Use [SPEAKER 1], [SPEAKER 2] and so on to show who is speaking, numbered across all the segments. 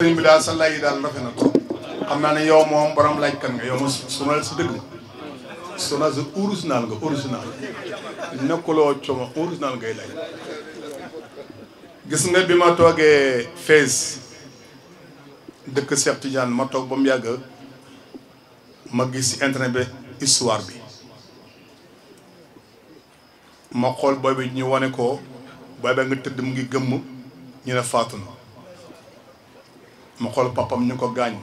[SPEAKER 1] sëriñ daal sa lay xam naa ne yow moom borom laaj kan nga yow ma sonal si dëgg sonal ngay lay nga bi ma toogee Fès dëkk Cheikh ma toog ba yàgg ma gis si internet bi histoire bi ma xool booy bi ñu wane ko booy ba nga tëdd mu ngi gëmm ñu faatu na mu xool papam ñu ko gaañ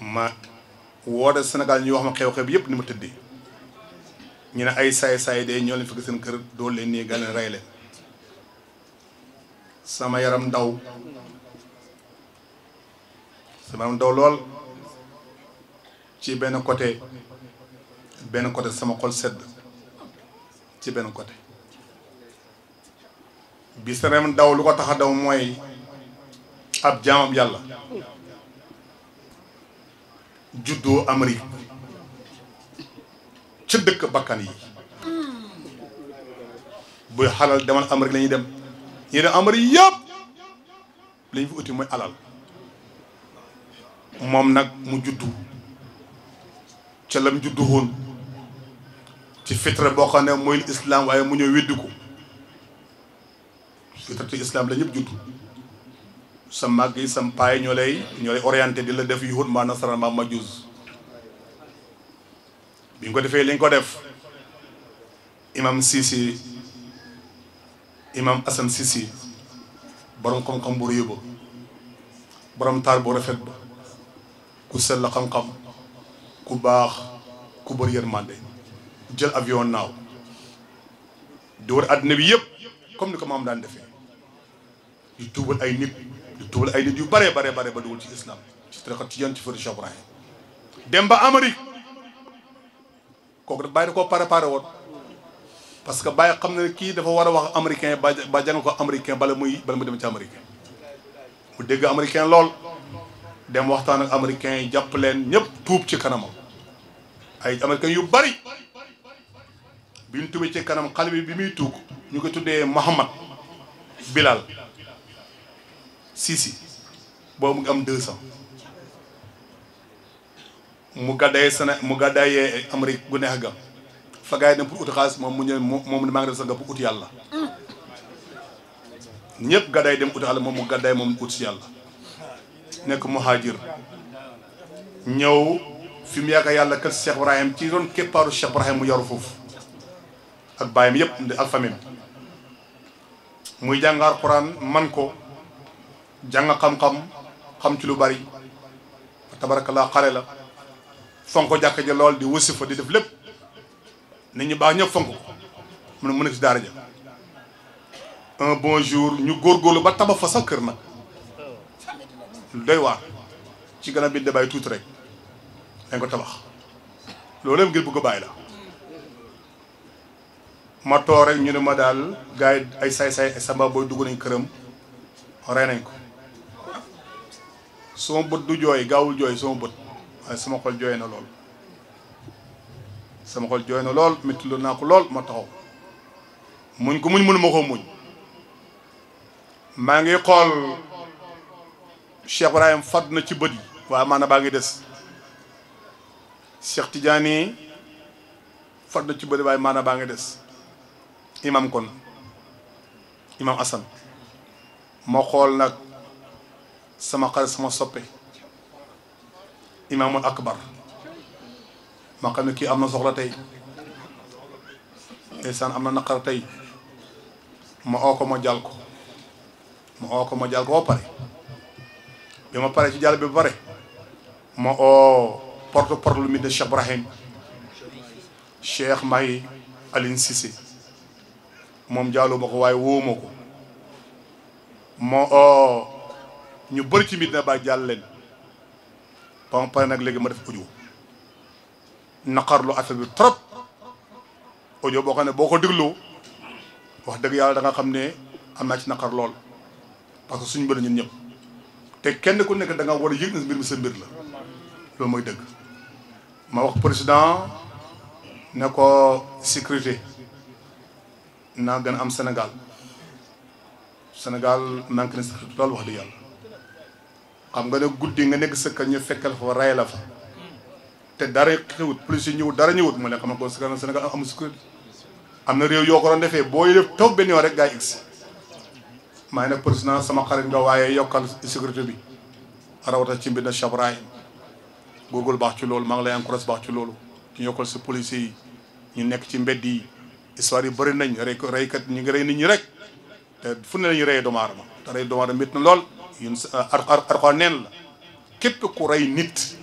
[SPEAKER 1] ma woote Sénégal ñuy wax ma xew-xew bi yëpp ni ma tëddi ñu ne ay saay-saay de ñoo leen fekk seen kër doo leen nii gàlleen rey leen sama yaram ndaw sama yaram ndaw lool ci benn côté benn côté sama xol sedd ci benn côté bi serem daw lu ko tax a daw mooy ab jaamam yàlla juddoo Amérique ca dëkk bakkan yi buy xalal demal Amérique la ñuy dem ñuy dem Amérique yëpp la fi uti mooy alal moom nag mu juddu ca lam juddu woon ci fitra boo xam ne mooy islam waaye mu ñëw weddiku fitratu islam la ñëpp judd sa màgg yi sam paay ñoo lay ñoo lay orienté di la def yuhud ma nasara ma majus bi ko defee li ko def imam Sisi imam Assane Sisi borom xam-xam bu réy ba borom taar bu rafet ba ku sell la xam-xam ku baax ku bëri yërmande jël avion naaw di wër àddina bi yëpp comme ni ko maam daan defee di tuubal ay nit di tuubal ay nit yu bare bare bare ba dugal ci islam ci tariqa Tijaan ci fëri Cheikh Ibrahim dem ba Amérique kooku daf bàyyi da koo préparé woon parce que bay xam ne kii dafa war a wax américain ba ba ko américain bala muy bala muy dem ci américain bu dégg americain lool dem waxtaan ak américain yi jàpp leen ñëpp tuub ci kanamam ay américain yu bari bi ñu tuubee ci kanam xale bi bi muy tuug ñu ko tuddee Mohammed Bilal Sisi boobu mu ngi am deux mu gàddaayee Séné mu gàddaayee Amérique gu neex ga fa gars yi dem pour uti xaalis moom mu ñëw moom maa ngi dem Sénégal uti yàlla ñëpp gàddaay dem uti xaalis moom mu gàddaay moom uti si yàlla nekk muhaajir ñëw fi mu yaakaar yàlla kër Cheikh Ibrahim ci doon képpaaru Cheikh Ibrahim mu yaru foofu ak bàyyam yëpp ak famille muy jàngaar Quran man ko jàng xam-xam xam ci lu bari tabarakallah xale la fonk jàkk ja lool di wasi fa di def lépp nit ñu baax ñëpp fonk ko mu ne si daara ja un bon jour ñu góorgóorlu ba tabax fa sax kër nag lu doy waar ci gannaaw bi dabàyyi tuuti rek dañ ko tabax loolu yëpp ngir bugg a bàyyi la ma toog rek ñu ne ma daal gars yi ay saay-saay ay samba booy dugg nañ këram rey nañ ko sama bët du jooy gaawul jooy sama bët waaye sama xol jooy na lool sama xol jooy na lool métti lu naa ko lool moo taxaw muñ ko muñ mënuma ko muñ maa ngi xool Cheikh Ibrahim fadd na ci bët yi waaye maanaam baa ngi des Cheikh Tidiane fadd na ci bët yi waaye baa ngi des imam kon imam Assane ma xool nag sama xarit sama soppe imaamul akbar ma xam ne am na soxla tey ndeysaan am na naqar tey ma oo ko ma jàll ko ma oo ma jàll ko pare bi ma pare ci jàll bi ba pare ma oo porte parole mi de Cheikh Ibrahim Cheikh May Aline Cissé moom jàllu ma ko waaye wóowu ko ma oo ñu bëri ci Medina Baye jàll leen ba ma pare nag léegi ma def audio naqarlu affaire bi trop ojo boo xam ne boo ko dégloo wax dëgg yàlla da nga xam ne am naa ci naqar lool parce que suñ mbir ñun ñëpp te kenn ku nekk da nga war a yëg na mbir mi sa mbir la loolu mooy dëgg ma wax président ne ko sécurité na gën am Sénégal Sénégal manque na sécurité loolu wax dëgg yàlla xam nga ne guddi nga nekk sëkkal ñu fekkal fa ray la fa te dara xewut police yi ñëwut dara ñëwut mu ne xam nga kon sëkkal na Sénégal amul sécurité am na réew yoo ko doon defee boo def toog benn yoon rek gaa yi egsi maa président sama xarit nga waaye yokkal sécurité bi rawatina ci mbir na Chabrahim góorgóorlu baax ci loolu maa ngi lay encourage baax ci loolu ñu yokkal si policiers ñu nekk ci mbedd yi histoire yi bëri nañ rey reykat ñu ngi rey nit ñi rek te fu ne la ñuy reyee doomu aadama te rey doomu na lool. yun euh, arxaan neen la képp ku nit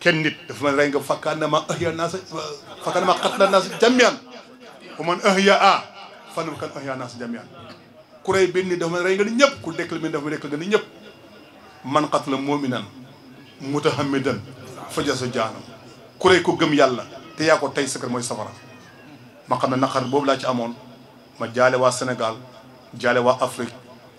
[SPEAKER 1] kenn nit dafa ma rey nga fakkaan ma ahya naas fakkaan na ma man ahya a fanam kan ahya naas jamian ku rey nit dafa ma rey nga ni ñëpp ku dekkal min dafa ma dekkal nga ni ñëpp man xatla moominan mutahamidan fajasu jaanam ku gëm yàlla te yaa ko tey sakar mooy safara ma xam ne naqar boobu laa ci amoon ma jaale waa Sénégal jaale waa Afrique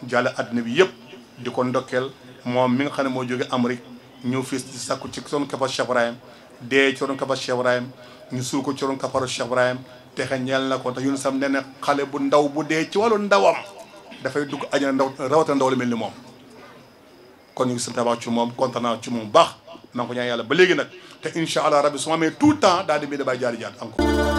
[SPEAKER 1] jaale àddina bi yëpp di ko ndokkeel moom mi nga xam ne moo jóge Amérique ñëw fii di sakku ci son kafaru Cheikh Ibrahim dee ci ron kafaru Cheikh Ibrahim ñu suul ko ci ron kafaru Cheikh Ibrahim te xëy ñeel ko te Yunus sam ne xale bu ndaw bu dee ci wàllu ndawam dafay dugg a ndaw rawatina ndaw la mel ni moom. kon ñu ngi sant baax ci moom kontaan naa ci moom baax maa ngi ko ñaan yàlla ba léegi nag te incha allah rabbi su ma tout temps daal di mën a bàyyi jaari jaar encore.